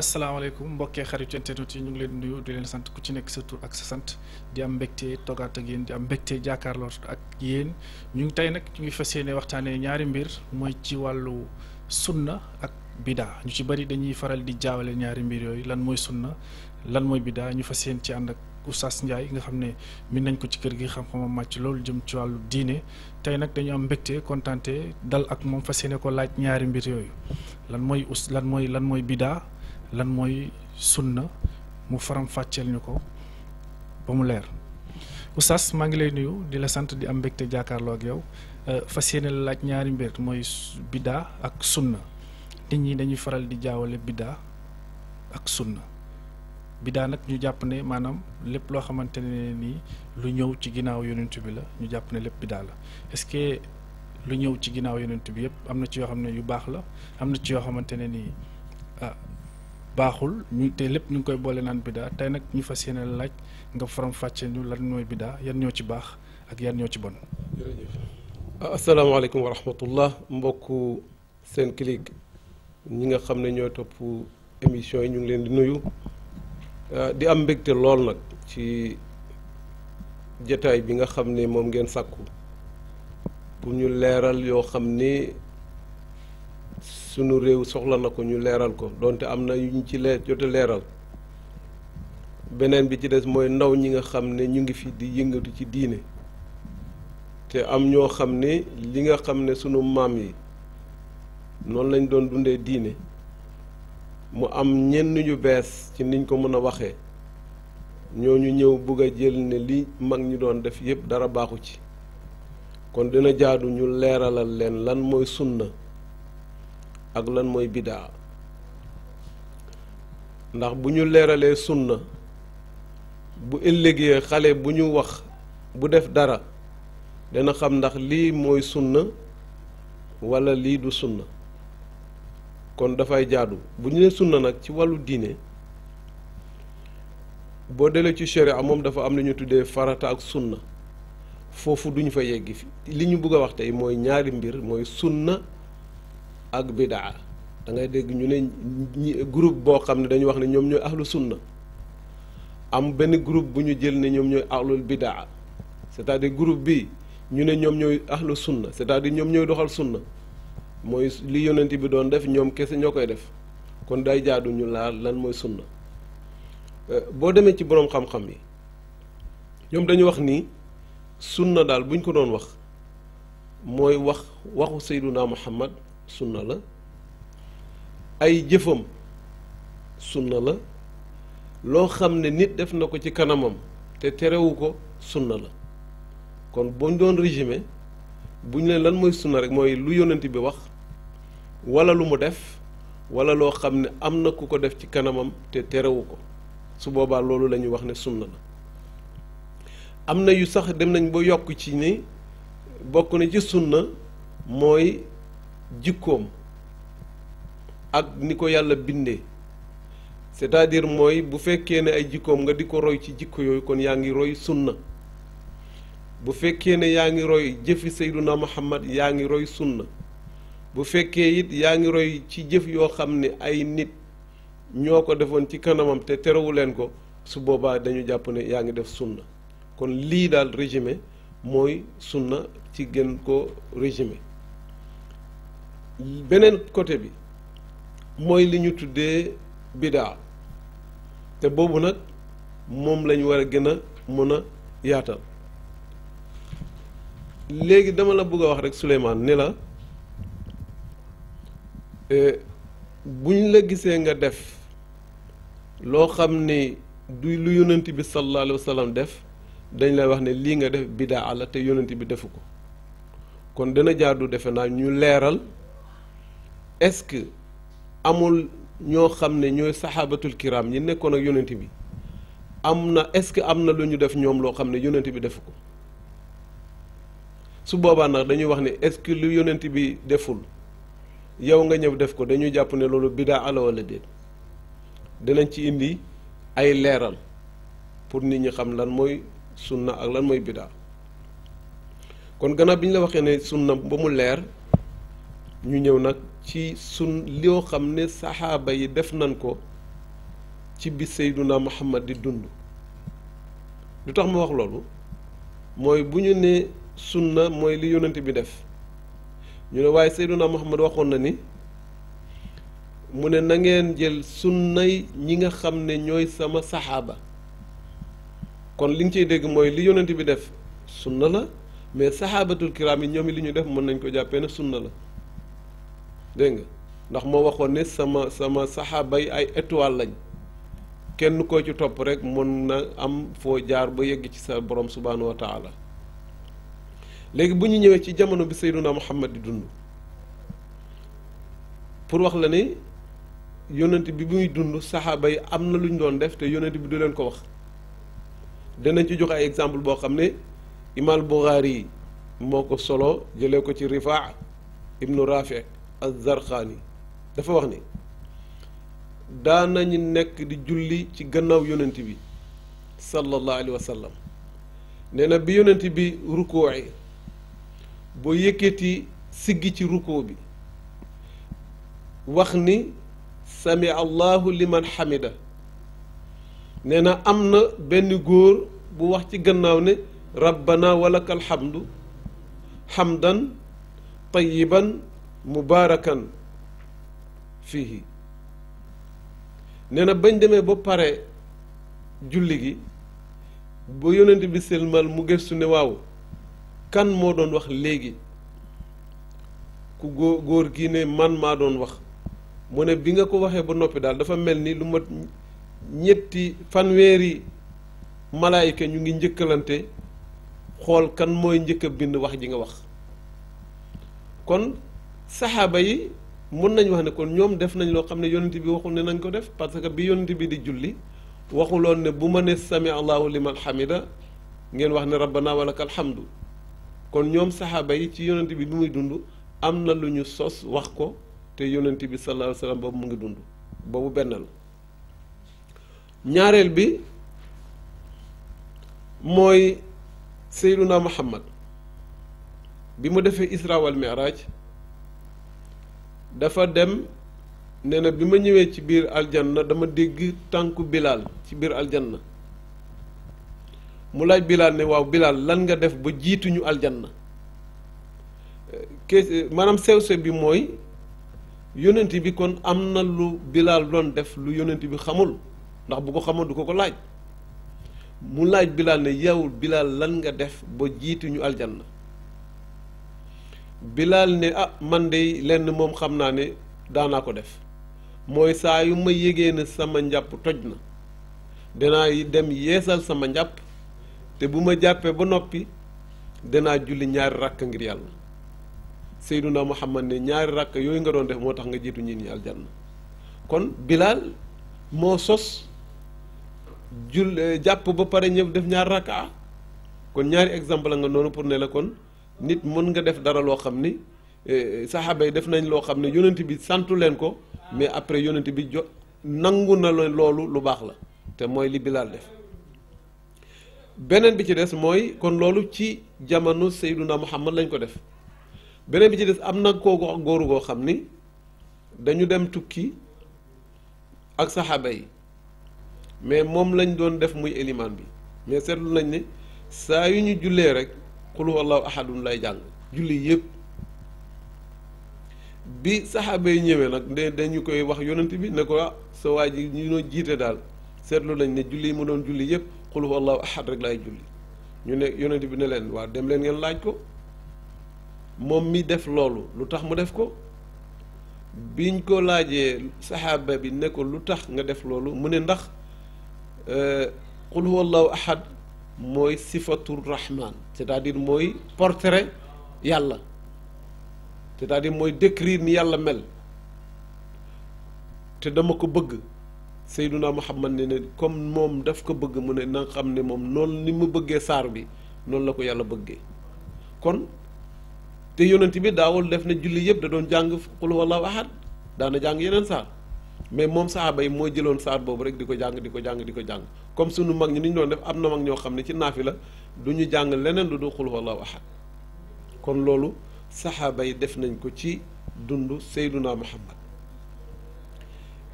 asalaamaaleykum mbokke xarit internet yi ñu ngi leen nuyu di leen sant ku ci nekk sa tur ak sa sant di am mbégte toogaat ak yéen di am mbégte jàkkaarloo ak yéen ñu tey nag ñu ngi fas yéene waxtaanee ñaari mbir mooy ci wàllu sunna ak bidaa ñu bëri dañuy faral di jaawale ñaari mbir yooyu lan mooy sunna lan mooy bidaa ñu fas yéene ci ànd ak Oustaz Ndiaye nga xam ne min nañ ko ci kër gi xam-xamam màcc loolu jëm ci wàllu diine tey nag dañu am mbégte kontaante dal ak moom fas yéene ko laaj ñaari mbir yooyu lan mooy us lan mooy lan mooy bidaa lan mooy sun na mu faram fàcceel ñu ko ba mu leer oustaz maa ngi lay nuyu di la sant di am mbégte jàkkaarloo ak yow euh, fas yéene la laaj ñaari mbir mooy biddaa ak sunna nit ñi dañuy faral di jaawale biddaa ak sunna biddaa nag ñu jàpp ne maanaam lépp loo xamante ne nii lu ñëw ci ginnaaw yonent bi la ñu jàpp ne lépp biddaa la est-ce que lu ñëw ci ginnaaw yonent bi yëpp am na ci yoo xam ne yu baax la am na ci yoo xamante ne nii ah, baaxul ñu te lépp ñu ngi koy boole naan biddaa tey nag ñu fas yéene laaj nga faram fàccee ñu lan mooy biddaa yan ñoo ci baax ak yan ñoo ci bon. jërëjëf ah, asalaamaaleykum wa rahmatullah mbokku Senclic ñi nga xam ne ñoo topp émission yi ñu ngi leen di nuyu ah, di am mbégte lool nag ci jataay bi nga xam ne moom ngeen sàkku pour ñu leeral yoo xam ni. sunu réew soxla na ko ñu leeral ko donte am na yuñ ci leer jote leeral beneen bi ci des mooy ndaw ñi nga xam ne ñu ngi fi di yëngatu ci diine te am ñoo xam ne li nga xam ne sunu maam yi noonu lañ doon dundee diine mu am ñenn yu bees ci niñ ko mën a waxee ñooñu ñëw bugg a jël ne li mag ñi doon def yépp dara baaxu ci kon dina jaadu ñu leeralal leen lan mooy sunna ak lan mooy bidaa ndax bu ñu leeralee sunna bu ëllëgee xale bu ñu wax bu def dara dana xam ndax lii mooy sunna walla lii du sunna kon dafay jaadu bu ñu ne sunna nag ci wàllu diine boo delee ci a moom dafa am lu ñu tuddee farata ak sunna foofu duñu fa yegg fi li ñu bëgg a wax tey mooy ñaari mbir mooy sun na ak bidaa da ngay dégg ñu ne groupe boo xam ne dañu wax ne ñoom ñooy axlu sunna am benn groupe bu ñu jël ne ñoom ñooy ahlul bidaa c'est-à-dire groupe bi ñu ne ñoom ñooy ahlu sunna c'est-à-dire ñoom ñooy doxal sunna mooy li yonent bi doon def ñoom kese ñoo koy def kon day jaadu ñu laal lan mooy sunna euh, boo demee ci boroom xam-xam yi ñoom dañu wax ni sunna daal buñ ko doon wax mooy wax waxu sayduna muhammad sunna la ay jëfam sunna la loo xam ne nit def na ko ci kanamam te terewu ko sunna la kon boo doon régime bu ñu leen lan mooy sunna rek mooy lu yonent bi wax wala lu mu def wala loo xam ne am na ku ko def ci kanamam te terewu ko su boobaa loolu lañuy wax ne sunna la am na yu sax dem nañ ba yokk ci ni bokk na ci sunna mooy jikkoom ak ni ko yàlla bindee c'est-à-dire mooy bu fekkee ne ay jikkoom nga di ko roy ci jikko yooyu kon yaa ngi roy sunna bu fekkee ne yaa ngi roy jëfi sayduna muhammad yaa ngi roy sunna bu fekkee it yaa ngi roy ci jëf yoo xam ne ay nit ñoo ko defoon ci kanamam te terewu leen ko su boobaa dañu jàpp ne yaa ngi def sunna kon lii daal résumé mooy sunna ci gën ko résumé beneen côté bi mooy li ñu tuddee bidaa te boobu nag moom lañu war a gën a mën a yaatal léegi dama la bëgg a wax rek Souleymane ni la e, buñ la gisee nga def loo xam ni du lu yonent bi sallallahu alayhi wa def dañ lay wax ne lii nga def bidaa la te yonent bi defu ko kon dana jaadu defe naa ñu leeral est-ce que amul ñoo xam ne ñooy saxaabatul kiram ñi nekkoon ak yonent bi am na est-ce que am na lu ñu def ñoom loo xam ne yonent bi def ko su boobaa nag dañuy wax ne est-ce bi deful yow nga ñëw def ko dañuy jàpp ne loolu bidaa la wala déet dinañ ci indi ay leeral pour nit ñi xam lan mooy sunna ak lan mooy bidaa kon gannaaw bi ñu la waxee ne na ba mu leer ñu ñëw nag ci sun loo xam ne saxaaba yi def nañ ko ci bi Seyduna Muhammad di dund lu tax ma wax loolu mooy bu ñu ne sunna mooy li yonent bi def ñu ne waaye Seyduna Muhammad waxoon na ni mu ne na ngeen jël sunnay ñi nga xam ne ñooy sama saxaaba kon li nga ciy dégg mooy li yonent bi def na la mais saxaabatul kiraam yi ñoom li ñu def mën nañ ko jàppee ne sunna la dégg nga ndax moo waxoon ne sama sama saxaaba yi ay étoile lañ kenn koo ci topp rek mën na am foo jaar ba yegg ci sa borom subhaanahu wa taala léegi bu ñu ñëwee ci jamono bi sayduna muhammad di dund pour wax la ne yonent bi muy dund saxaaba yi am na lu ñu doon def te yonent bi du leen ko wax danañ ci joxe ay exemple boo xam ne imaal Buxaari yi moo ko solo jëlee ko ci rifaa ibnu rafi az-Zarqaani dafa wax ne daanañu nekk di julli ci gannaaw yonent bi sallallahu alayhi wa nee na bi yonent bi rukkooxee boo yëkkati sigg ci rukkoo bi wax ni sami allahu liman xamida nee na am na benn góor bu wax ci gannaaw ne rabbana walakal hamdu hamdan tayiban mubaarakan fii nee na bañ demee ba pare julli gi ba yonent bi selmal mu gëstu ne waaw kan moo doon wax léegi ku góor góor gi ne man maa doon wax mu ne bi nga ko waxee ba noppi daal dafa mel ni lu ma ñetti fanweeri malaayika ñu ngi njëkkalante xool kan mooy njëkk a bind wax ji nga wax kon saxaaba yi mun nañ wax ne kon ñoom def nañ loo xam ne yonent bi waxul ne nañ ko def parce que bi yonent bi di julli waxuloon ne bu ma ne sami allahu liman xamida ngeen wax ne rabbana walakal hamdu kon ñoom saxaaba yi ci yonent bi bi muy dund am na lu ñu sos wax ko te yonent bi sallallahu alayhi boobu mu ngi dund boobu benn la ñaareel bi mooy seyduna muhammad bi mu defee isra wal dafa dem nee bi ma ñëwee ci biir aljan aljanna dama dégg tànku bilaal ci biir aljanna mu laaj bilaal ne waaw bilaal lan nga def ba jiituñu aljanna kees maanaam sew-sew bi mooy yonent bi kon am na lu bilaal doon def lu yonent bi xamul ndax bu ko xamoon du ko ko laaj mu laaj bilaal ne yow bilaal lan nga def ba jiituñu aljanna bilaal ne ah man de lenn moom xam naa ne daanaa ko def mooy saa yu ma yégee ne sama njàpp toj na danaa dem yeesal sama njàpp te bu ma jàppee ba noppi danaa julli ñaari rakk ngir yàlla seyduna muhammad ne ñaari rakk yooyu nga doon def moo tax nga jiitu ñit ñi aljanna kon bilaal moo sos jul jàpp ba pare ñëw def ñaari rakka kon ñaari exemple a nga noonu pour ne la kon nit mën nga def dara loo xam ni eh, eh, saxaaba yi def nañ loo xam ne yonent bi santu leen ko mais après yonent bi jo nangu na la loolu lu baax la te mooy li Bilaal def beneen bi ci des mooy kon loolu ci jamono Seyduna Muhammad lañ ko def beneen bi ci des am na koo góoru goo xam ni dañu dem tukki ak saxaaba yi mais moom lañ doon def muy élimaan bi mais seetlu nañ ni saa yu ñu jullee rek xul wallahu ahadun lay jàng julli yépp bi saxaaba yi ñëwee nag de dañu koy wax yonent bi ne ko ah, sa waa ji ñu noo jiite daal seetlu nañ ne julli yi mu doon julli yëpp xul wallahu ahad rek lay julli ñu ne yonent bi ne leen waa dem leen ngeen laaj ko moom mi def loolu lu tax mu def ko biñ ko laajee saxaaba bi ne ko lu tax nga def loolu mu ne ndax xul eh, wallahu ahad mooy sifatul rahman cest à mooy portere yàlla te à dire mooy décrire ni yàlla mel te dama ko bëgg Seyduna Muhammad ne ne comme moom daf ko bëgg mu ne na xam ne moom noonu ni mu bëggee saar bi noonu la ko yàlla bëggee kon te yonent bi daawul def na julli yëpp da doon jàng qul huwallahu ahad daana jàng yeneen saar mais moom saaba yi moo jëloon saat boobu rek di ko jàng di ko jàng di ko jàng comme sunu mag ñi ni ñu doon def am na mag ñoo xam ne ci naafila duñu du ñu jàng leneen lu du xul wallahu ahad kon loolu saxaaba yi def nañ ko ci dund Seyduna Muhammad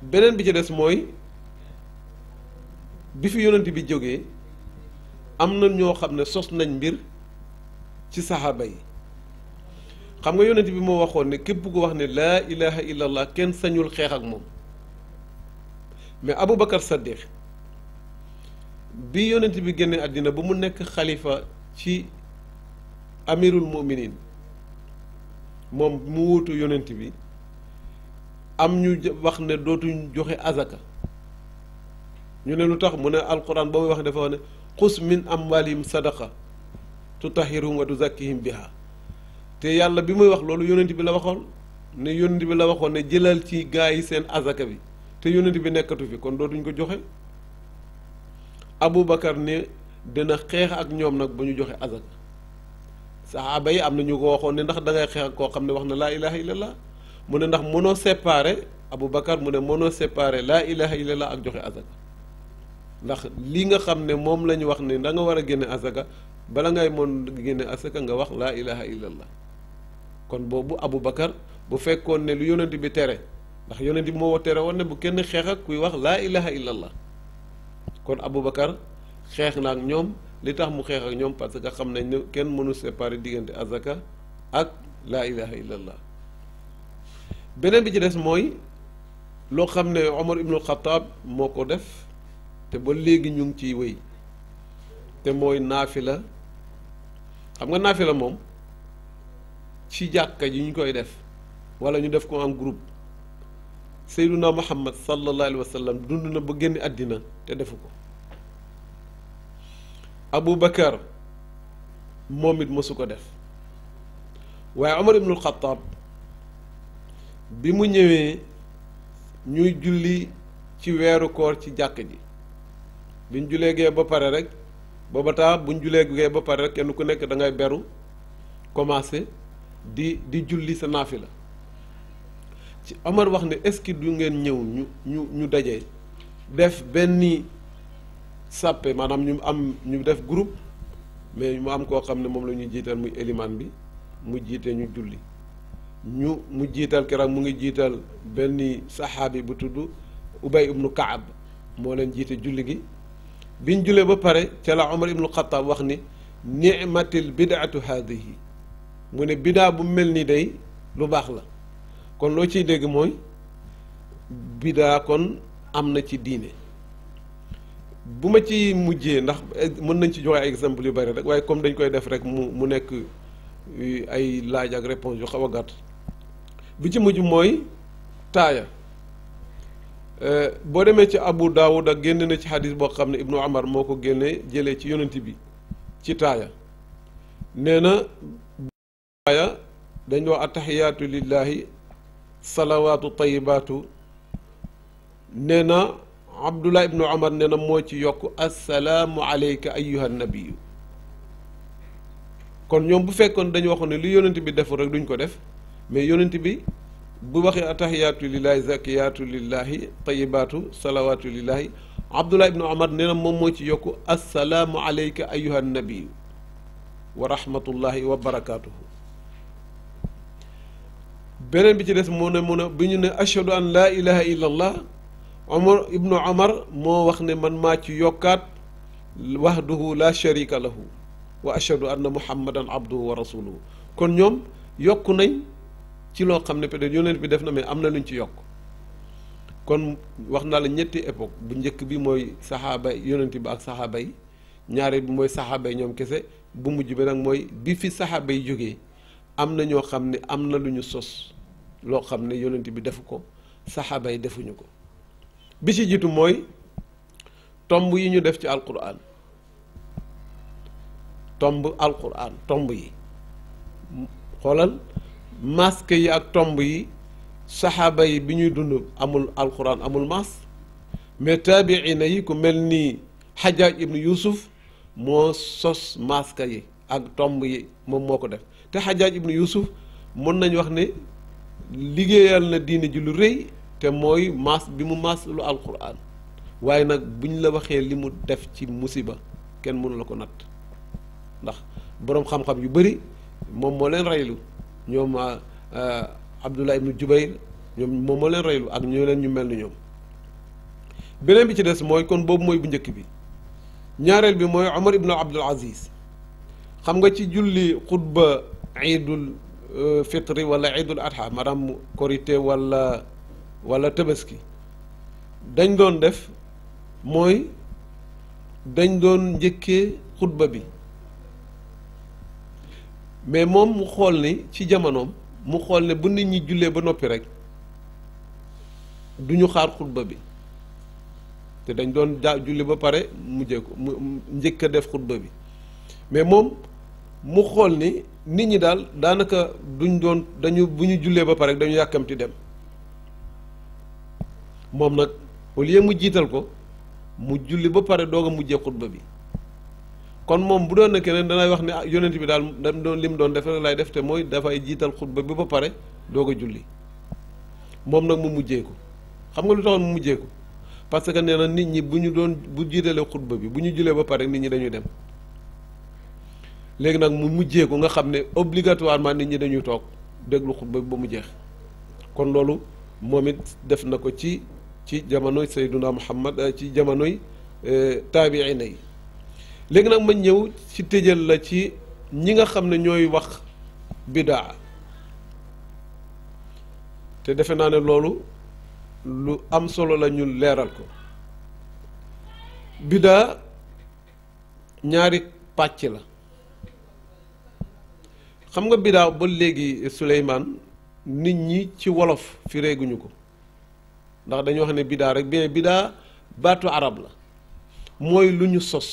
beneen bi ci des mooy bi fi yonent bi jógee am na ñoo xam ne sos nañ mbir ci saxaaba yi xam nga yonent bi moo waxoon ne képp ku wax ne laa ilaha illallah kenn sañul xeex ak moom mais Aboubacar Saddiq bi yonent bi génne àddina ba mu nekk xalifa ci amirul muminin moom mu wuutu yonent bi am ñu wax ne dootuñ joxe azaka ñu ne lu tax mu ne alquran ba muy wax dafa wax ne xus min amwalihim sadaqa tutahiruhum wa tuzakkihim biha te yàlla bi muy wax loolu yonent bi la waxoon ne yonent bi la waxoon ne jëlal ci gaa yi seen azaka bi te yonent bi nekkatu fi kon dootuñ ko joxe bakar ne dina xeex ak ñoom nag bu ñu joxe azaka saxaaba yi am na ñu ko waxoon ne ndax da ngay xeex ak koo xam ne wax na laa ilaha illallah mu ne ndax mënoo séparer Aboubacar mu ne mënoo séparer laa ilaha illallah ak joxe azaka ndax li nga xam ne moom la ñu wax ne danga war a génne azaka bala ngay mën génne azaka nga wax laa ilaha illallah kon boobu abu Aboubacar bu fekkoon ne lu yonent bi tere. ndax yonent bi moo tere woon ne bu kenn xeex ak kuy wax laa ilaha illallah kon abu bakar xeex na ak ñoom li tax mu xeex ak ñoom parce que xam nañ ne kenn mënu séparer diggante azaka ak laa ilaha illallah beneen bi ci des mooy loo xam ne Omar ibnul Xataab moo ko def te ba léegi ñu ngi ciy wéy te mooy naafila xam nga naafila moom ci jàkka ji ñu koy def walla ñu def ko en groupe sayduna muhammad sallallahu alayhi wa sallam dund na ba génn àddina te defu ko abu bakar moom it mosu ko def waaye omar ibnul xataab bi mu ñëwee ñuy julli ci weeru koor ci jàkk ji buñ julee gee ba pare rek booba taa buñ julee gee ba pare rek kenn ku nekk da ngay beru commencé di di julli sa naafi la ci Omar wax ne est-ce que du ngeen ñëw ñu ñu ñu daje def benn sàppe maanaam ñu am ñu def groupe mais mu am koo xam ne moom la ñuy jiital muy élimaan bi mu jiite ñu julli ñu mu jiital keroog mu ngi jiital benn saxaabi bu tudd Ubay ibnu Kaab moo leen jiite julli gi biñ julee ba pare ca la Omar ibnu Xataab wax ni ni'matil bidaatu haadihi mu ne bidaa bu mel ni day lu baax la kon loo ciy dégg mooy bidaa kon am na ci diine bu ma ci mujjee ndax eh, mën nañ ci joxe ay exemple yu bari rek waaye comme dañ koy def rek mu mu nekk eh, ay laaj ak réponse yu xaw a gàtt bi ci mujj mooy taaya eh, boo demee ci Abu Daawud ak génn na ci xadis boo xam ne Ibnu Amar moo ko génnee jëlee ci yonent bi ci taaya nee na taaya dañ wax attaxiyaatu lillaahi salawaatu tayibaatu nee na abdullah ibnu omar nee na moo ci yokk assalaamu aleyka ayyuha nabiyu kon ñoom bu fekkoon dañu waxoon ne li yonent bi deful rek duñ ko def mais yonent bi bu waxee atahiyaatu lillahi zakiyaatu lillahi tayibaatu salawaatu lillahi abdullah ibnu omar nee na moom moo ci yokk assalaamu aleyka ayyuha nabiyu wa rahmatullahi wa beneen bi ci des moo ne mu ne bi ñu ne ashhadu an laa ilaha illa allah ibnu omar moo wax ne man maa ci yokkaat wahdahu la sharika lahu wa ashhadu anna muhammadan abduhu wa rasuluhu kon ñoom yokk nañ ci loo xam ne peut-être yonent bi def na mais am na luñ ci yokk kon wax naa la ñetti époque bu njëkk bi mooy saxaaba yonent bi ak saxaaba yi ñaare bi mooy saxaaba ñoom kese bu mujj bi nag mooy bi fi saxaaba yi jógee am na ñoo xam ne am na lu ñu sos loo xam ne yonent bi defu ko saxaaba yi defuñu ko bi ci jiitu mooy tomb yi ñu def ci alquran tomb alquran tomb yi xoolal masque yi ak tomb yi saxaaba yi bi ñuy dund amul alquran amul masque mais taabiina yi ku mel ni xajaaj ibnu yusuf moo sos masque yi ak tomb yi moom moo ko def te xajaaj ibnu yusuf mën nañ wax ni liggéeyal na diine ji lu rëy te mooy maas bi mu maas lu alquran waaye nag buñ la waxee li mu def ci musiba kenn mënu la ko natt ndax boroom xam-xam yu bëri moom moo leen reylu ñoom ah, ah, Abdullah ibnu Jubayr ñoom moom moo leen reylu ak ñoo leen ñu mel ni ñoom beneen bi ci des mooy kon boobu mooy bu njëkk bi ñaareel bi mooy Omar ibnu Abdul Aziz xam nga ci julli xutba iidul fitri walla idul adha maanaam korité wala wala tabaski dañ doon def mooy dañ doon njëkkee xutba bi mais moom mu xool ni ci jamonoom mu xool ne bu nit ñi jullee ba noppi rek duñu xaar xutba bi te dañ doon daa julli ba pare mujjee ko mu njëkk a def xutba bi mais moom mu xool ni nit ñi daal daanaka duñ doon dañu bu ñu jullee ba pare dañu yàkkamti dem moom nag au lieu mu jiital ko mu julli ba pare doog a mujjee xutba bi kon moom bu doon ne keneen danay wax ne ah yonent bi daal dam doon lim doon def lay def te mooy dafay jiital xutba bi ba pare doog a julli moom nag mu mujjee ko xam nga lu taxoon mu mujjee ko parce que nee na nit ñi bu ñu doon bu jiitalee xutba bi bu ñu jullee ba pare nit ñi dañuy dem léegi nag mu mujjee ko nga xam ne obligatoirement nit ñi dañuy toog déglu xutba ba mu jeex kon loolu moom it def na ko ci ci jamonoy Seyduna Muhammad euh, ci jamonoy euh, taabiina yi léegi nag ma ñëw ci tëjal la ci ñi nga xam ne ñooy wax bidaa te defe naa ne loolu lu am solo la ñu leeral ko bidaa ñaari pàcc la xam nga biddaa ba léegi Souleymane nit ñi ci wolof fi réeguñu ko ndax dañu wax ne biddaa rek bien biddaa baatu arab la mooy lu ñu sos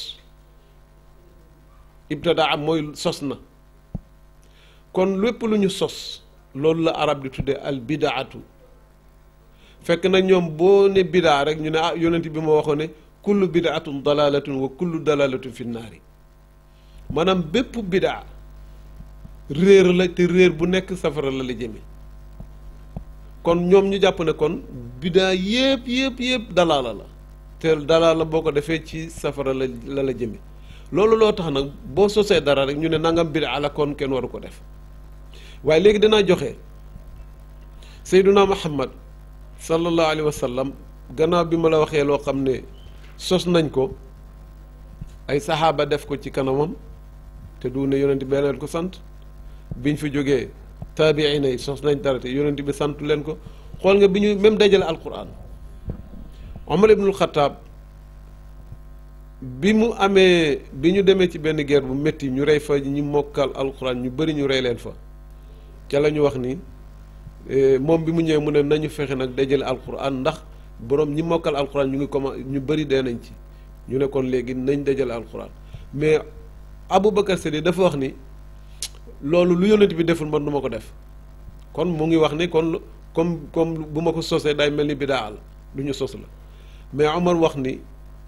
ibtadaa mooy sos na kon lépp lu ñu sos loolu la arab di tudde al bidaatu fekk na ñoom boo ne biddaa rek ñu ne ah yonent bi ma waxoon ne kullu bidaatun dalalatun wa kullu dalalatun fi naari maanaam bépp bidaa réer la te réer bu nekk safara la la jëme kon ñoom ñu jàpp ne kon bidaa yépp yépp yépp dalaala la te dalaala boo ko defee ci safara la la la jëme loolu loo tax nag boo sosee dara rek ñu ne nangam bidaa la kon kenn waru ko def waaye léegi danaa joxe Seyduna Muhammad sallallahu alayhi wa sallam gannaaw bi ma la waxee loo xam ne sos nañ ko ay saxaaba def ko ci kanamam te du ne yonent beneen ko sant biñ fi jógee taabiina yi sos nañ dara te yonent bi sant leen ko xool nga bi ñu même dajale alquran Omar ibnul Xataab bi mu amee bi ñu demee ci benn guerre bu métti ñu rey fa ñi mokkal alquran ñu bëri ñu rey leen fa ca la ñu wax ni e, moom bi mu ñëwee mu ne nañu fexe nag dajale alquran ndax borom ñi mokkal alquran ñu ngi commencé ñu bëri dee nañ ci ñu ne kon léegi nañ dajale alquran mais Aboubacar Sadiq dafa wax ni. loolu lu yonent bi deful man du ma ko def kon mu ngi wax ni kon comme comme bu ma ko sosee day mel ni bidaa la lu ñu sos la mais Omar wax ni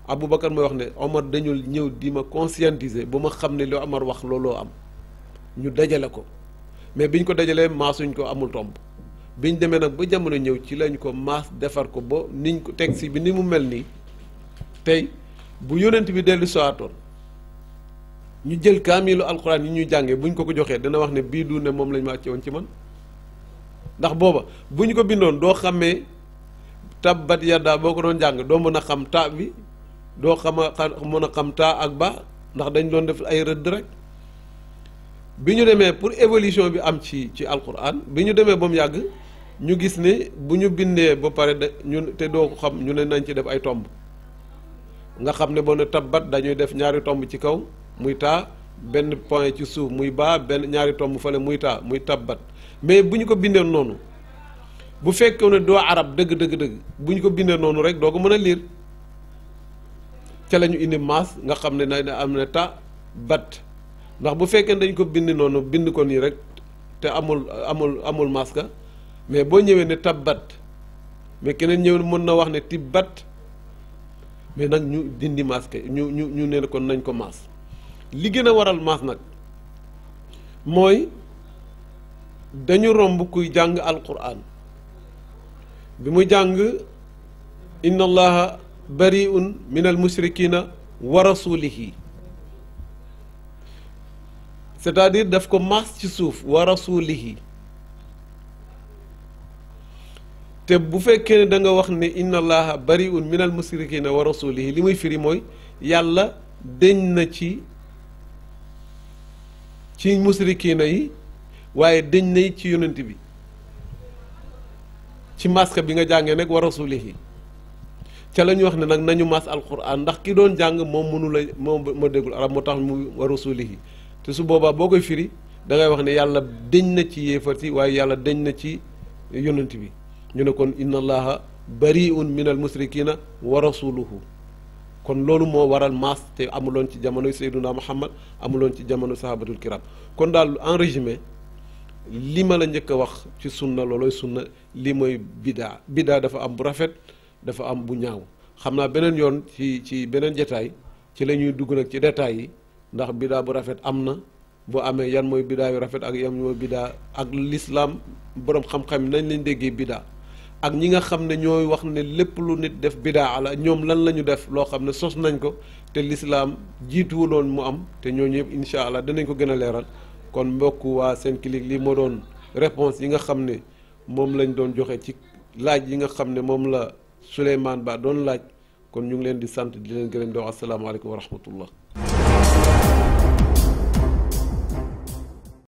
Aboubacar mooy wax ne Omar dañul ñëw di ma conscientiser ba ma xam ne li Omar wax looloo am ñu dajale ko mais biñ ko dajalee maasuñ ko amul tomb biñ demee nag ba jamono ñëw ci lañ ko maas defar ko ba niñ ko teg si bi ni mu mel nii tey bu yonent bi dellu soatoon ñu jël kaamilu alquran yi ñuy jàngee bu ñu ko ko joxee dana wax ne bii du ne moom lañ ma àcce woon ci man ndax booba bu ñu ko bindoon doo xamee tabbat yaddaa boo ko doon jàng doo mën a xam taa bi doo xam a mën a xam ta ak ba ndax dañ doon def ay rëdd rek bi ñu demee pour évolution bi am ci ci alquran bi ñu demee ba mu yàgg ñu gis ne bu ñu bindee ba pare da ñun te doo xam ñu ne nañ ci def ay tomb nga xam ne boo ne tabbat dañuy def ñaari tomb ci kaw muy taa benn point ci suuf muy baa benn ñaari tomb fale muy taa muy tabbat mais bu ñu ko bindee noonu bu fekkee ne doo arab dëgg dëgg bu ñu ko bindee noonu rek doo ko mën a liir ca la indi maas nga xam ne na am ne ta bat ndax bu fekkee dañ ko bind noonu bind ko nii rek te amul amul amul maska mais boo ñëwee ne tabbat mais keneen ñëw mën na wax ne tibbat mais nag ñu dindi maska ñu ñu ñu ne kon nañ ko maas li gën a waral maas nag mooy dañu romb kuy jàng alquran bi mu jàng inna allaha bariun min al wa rasulihi c'est-à-dire daf ko maas ci suuf wa rasulihi te bu fekkee ne danga wax ne inna allaha bariun min al musrikina wa rasulihi li muy firi mooy yàlla deñ na ci ci musrikiina yi waaye dañ na ci yonent bi ci maska bi nga jàngee nag wa rasulihi ca la wax ne nag nañu mas alquran ndax ki doon jàng moom mënula la moom ma déggul arab moo tax mu wa rasulihi te su boobaa boo koy firi dangay wax ne yàlla dañ na ci yéefar yi yàlla dañ na ci yonent bi ñu ne kon inna allaha bariun min al musrikina wa rasuluhu kon loolu moo waral maas te amuloon ci jamono Seyduna Muhammad amuloon ci jamono sahabatul kiram kon daal en résumé li ma la njëkk a wax ci sunna loolooy sunna li mooy bidaa bidaa dafa am bu rafet dafa am bu ñaaw xam naa beneen yoon ci ci beneen jetaay ci la ñuy dugg nag ci détails yi ndax bidaa bu rafet am na boo amee yan mooy biddaa yu rafet ak yan mooy bidaa ak lislaam boroom xam-xam nañ lañ déggee bidaa ak ñi nga xam ne ñooy wax ne lépp lu nit def bidaa la ñoom lan la ñu def loo xam ne sos nañ ko te lislaam jiituwuloon mu am te ñooñu yëpp incha allah danañ ko gën a leeral kon mbokk waa Senclic lii moo doon réponse yi nga xam ne moom lañ doon joxe ci laaj yi nga xam ne moom la Souleymane Ba doon laaj kon ñu ngi leen di sant di leen gërëm doo wax asalaamaaleykum wa